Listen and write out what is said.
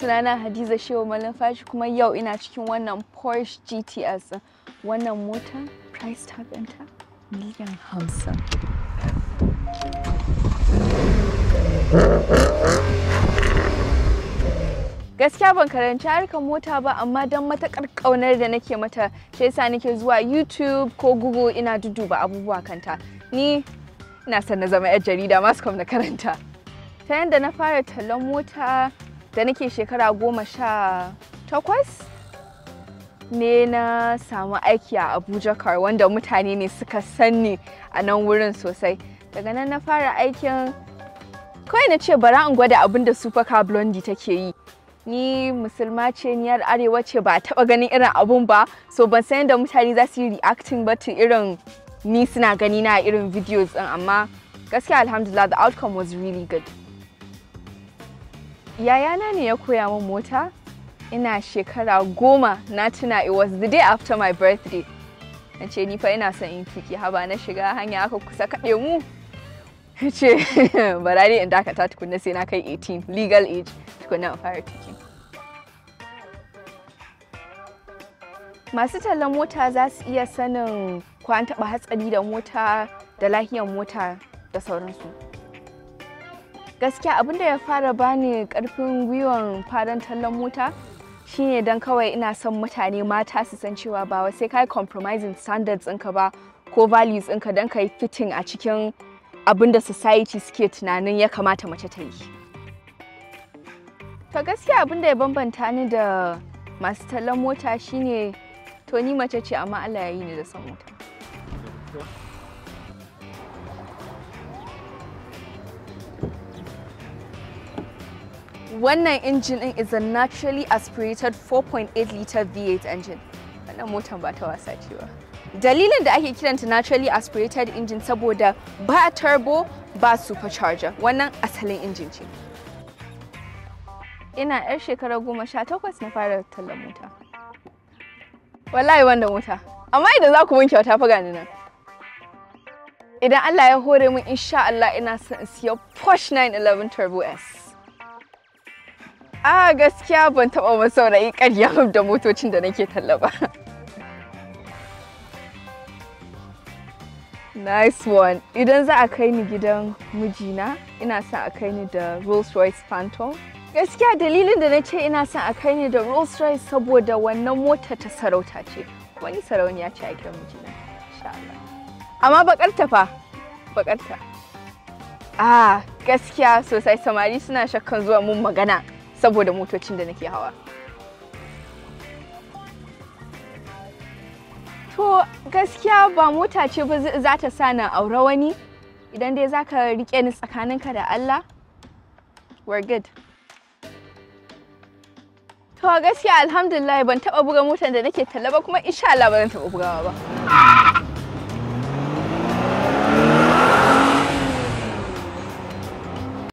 sunana hadiza shehu malumfashi kuma yau ina cikin wannan porsche gts wannan mota price tag ta miliyan hamsin gaskiya ban karanci harkar mota ba amma don matakar kaunar da nake mata shi sa nake zuwa youtube ko google ina duduba abubuwa kanta ni na son zama 'yar jarida masu na karanta ta yadda na fara talon mota da nake shekara goma sha takwas ne na samu aiki a abuja kar wanda mutane ne suka sanni a nan wurin sosai daga nan na fara aikin kawai na ce bara in gwada abin da supercar blondie take yi ni musulma ce niyar arewa ce ba taba ganin irin abun ba so ban san yadda mutane za su yi reacting ba to irin ni suna gani na irin videos din amma gaskiya alhamdulillah the outcome was really good yayana ne ya koya min mota ina shekara goma na tuna it was the day after my birthday na ce ni fa ina son in tuki haba na shiga hanya aka kusa kaɗe mu ce bara dai in dakata tukunna sai na kai 18 legal age tukunna in fara tuki masu tallan mota za su iya sanin kwan taɓa hatsari da mota da lahiyar mota da sauransu gaskiya abin da ya fara bani karfin gwiwar fadan tallan mota shine don kawai ina son mutane mata su san cewa ba wai sai kai compromising standards ɗinka ba ko values ɗinka don ka yi fitting a cikin abinda da society suke tunanin ya kamata mace ta yi to gaskiya abinda ya bambanta ni da masu tallan mota shine to ni mace ce amma Allah ya yi ni da son mota Wannan injin din is a naturally aspirated 4.8 liter V8 engine. Wannan motan ba ta wasa ce ba. Dalilin da ake kiranta naturally aspirated engine saboda ba turbo ba supercharger. Wannan asalin injin ce. Ina 'yar shekara goma sha takwas na fara tallan mota. Wallahi wanda mota. Amma idan za ku mun kyauta fa gani nan. Idan Allah ya hore mun insha Allah ina son in siya Porsche 911 Turbo S. a gaskiya ban taba wa saurayi ƙarya da motocin da nake talla ba nice one idan za a kai ni gidan mijina ina son a kai ni da rolls royce phantom gaskiya dalilin da na ce ina son a kai ni da rolls royce saboda wannan mota ta sarauta ce kuma ni sarauniya ce a gidan mijina amma bakarta fa bakarta ah gaskiya sosai samari suna shakkan zuwa mun magana saboda motocin da nake hawa to gaskiya ba mota ce ba za ta sa na aure wani idan dai za ka riƙe ni tsakaninka da Allah we're good to gaskiya alhamdulillah ban taɓa buga motar da nake talla ba kuma insha Allah ban taɓa bugawa ba